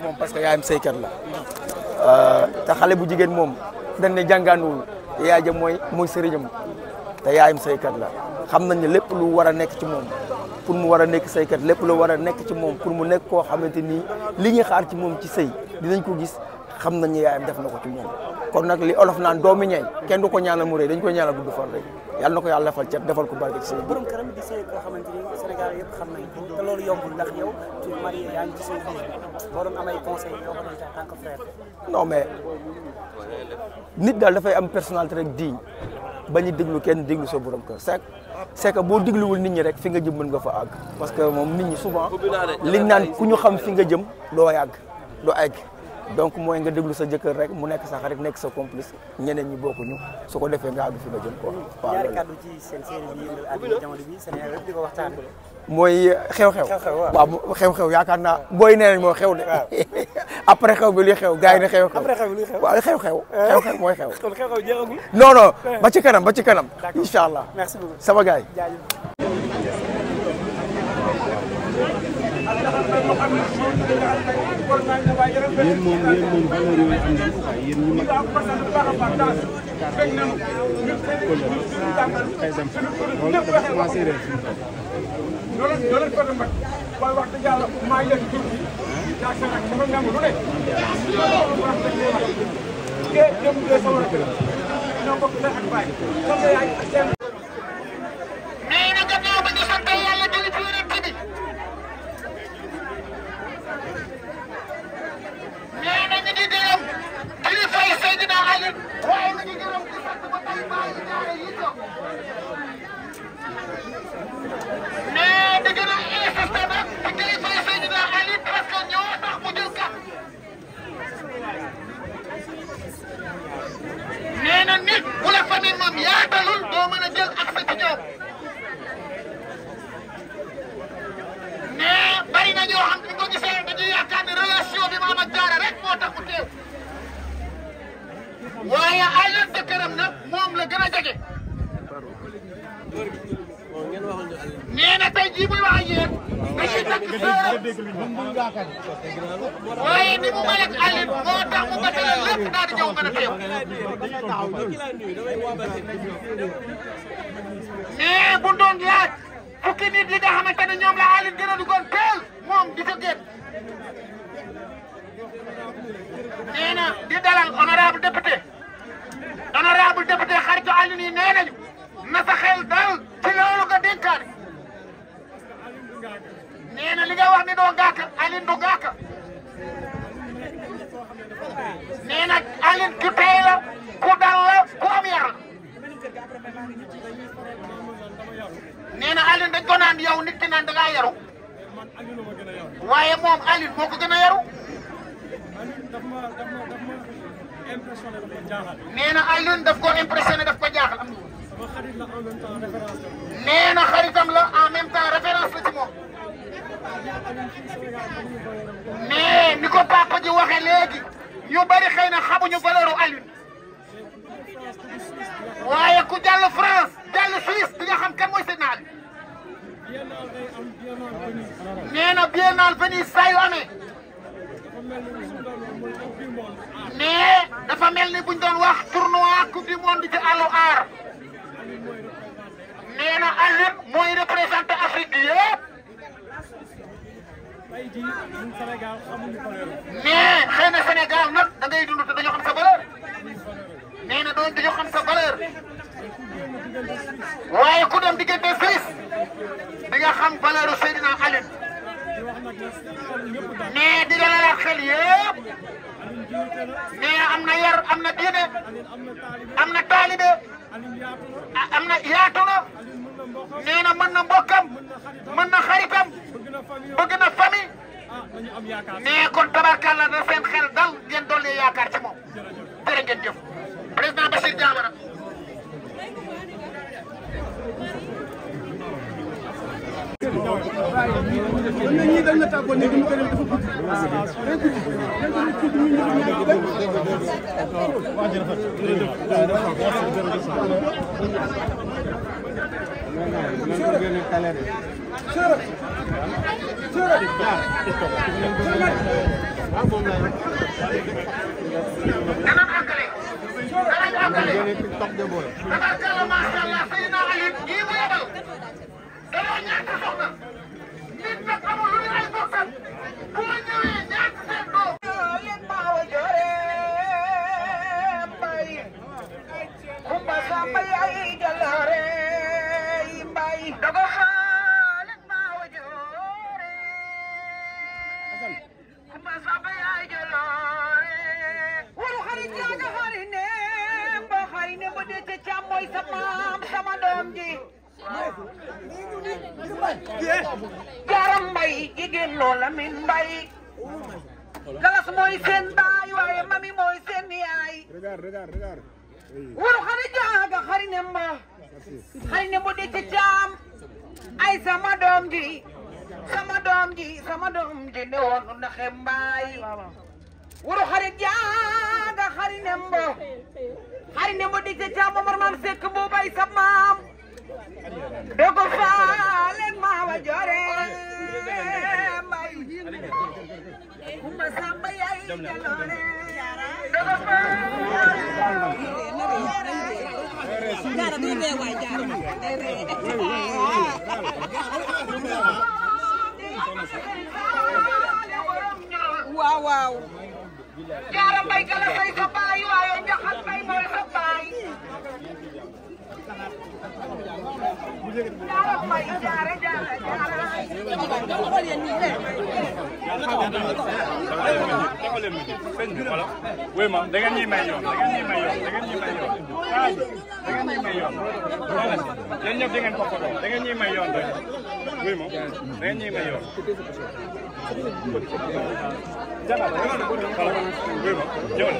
moom parce que yaayam saykat la euh, te xale bu jigéen moom dañ ne jàngaanduwul yaay ja mooy mooy sëriñam te yaayam saykat la xam nañ ne lépp lu war a nekk ci moom pour mu war a nekk saykat lépp lu war a nekk ci moom pour mu nekk koo xamante ni li ñuy xaar ci moom ci sëy dinañ ko gis xam nañ yaayam def na ko ci moom kon nag li olof naan doomi ñeeñ kenn du ko ñaanal mu rëy dañ koy ñaanal gudd fan rek yàlla na ko yàlla defal ceeb defal ko barke ci sëy borom xam nañ loolu yombul ndax yow tu marié yaa ngi mais nit daal dafay am personnalité rek digne bañu déglu kenn déglu soo borom kër c'est c'est que boo dégluwul nit ñi rek fi nga jëm mun nga fa àgg parce que moom nit ñi souvent li naan ku ñu xam fi nga jëm doo yàgg doo àgg donc mooy nga déglu sa jëkkër rek mu nekk sa xarit nekk sa complice ñeneen ñi bokkuñu su ko defee nga àgg fi nga jëm quoi. waaw loolu ñaari seen série bi yëngal àdduna bi ko mooy eh, xew-xew. xew-xew xew-xew yaakaar naa booy nee moo xew de. après xew bi luy xew gars yi ne xew. après xew xew xew eh? mooy xew. kon xew-xew jeexagul. non eh. ba ci kanam ba ci kanam. d' accord incha allah sama gars yi. yéen moom yéen moom valeur yooyu am nañu quoi yéen ñu mag yi. jii muy wax ak yéen da ciy fekk séeréer waaye ni mu mel ak Alioune moo tax mu batale lépp daal di ñëw mën a teew. mais bu doon laaj fukki nit yi nga xamante ne ñoom la Alioune gën a duggoon teel moom di ko génn. nee na di dalal honorable député honorable député xaritu Alioune yi nee nañu na sa xel dal. ne li nga wax ni doo gàkk Aline du gàkk nee na Aline ku tey la ku dal la ku am yar nee na Aline dañ ko naan yow nit ki naan da ngaa yaru waaye moom Aline moo ko gën yaru nee na Aline daf ko impressionné daf jaaxal mais dafa mel ni buñ doon wax tournoi coupe du monde ci àllu aar nee na Alioune mooy représenté Afrique bi yëpp. mais xëy na Sénégal nag da ngay dund te dañoo xam sa valeur nee na doon dañoo xam sa valeur. nee am na yar am na diine am na taalibe am na yaatu na na mën na mbokkam mën na xaritam bëgg na famille nee kon tabarkàlla na seen xel dal ngeen dolli yaakaar ci moom jërë ngeen jëf président Bachir Diawara naa ko ne li mu ko def dafa gudd. day gudd day gudd ñu ñëw ñaar ba. waaw jërëjëf jërëjëf. waaw jërëjëf. jaram mbay jigéen loola min mbay galas mooy seen baay waaye mami mooy seen yaay waru xari jaaga xari ne ma xari ne mu di ci jaam ay sama doom ji sama doom ji sama doom ji ne woon naxe mbaay wuru xari jaaga xari ne mbo xari ne mu di ci jaam Omar maam sekk bu sa maam dogo faalen ma wa jore mbay kumba samba yay jaloore jaara doo dee waay jaara waaw waaw jaara mbay kala fay sa baay waaye njaxat mbay mooy sa baay jaara mbay jaara jaara jaara leen mujj sëñ bi wala wuy ma da ngeen ñuy may yoon da ngeen ñuy may yoon da ngeen ñuy may yoon kaay da ngeen ñuy may yoon xoolal yéen ñëpp da ngeen toppatoo da ngeen ñuy may yoon rek wuy ma da ngeen ñuy may yoon jala wala wuy ma ñëwal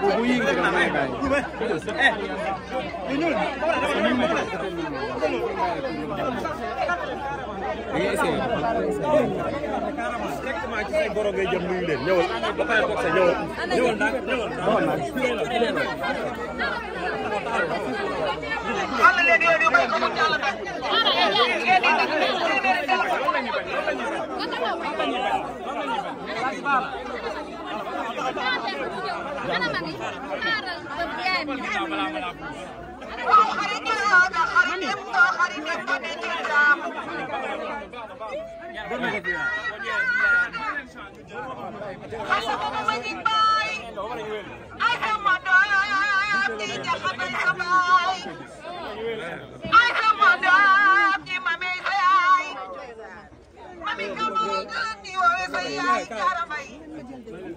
bu bu yi nga may bay eh ñu ñul da ngay essayé. exactement ci say borom ngay jëm nuyu leen ñëwal ba pare toog sa ñëwal. ñëwal naa ñëwal naa waaw xarit mani حسبنا مجيد باي اي هم دابتي جحبل سباي اي هم دابتي مامي هاي مامي كمرو قلني ووي سياي كرمي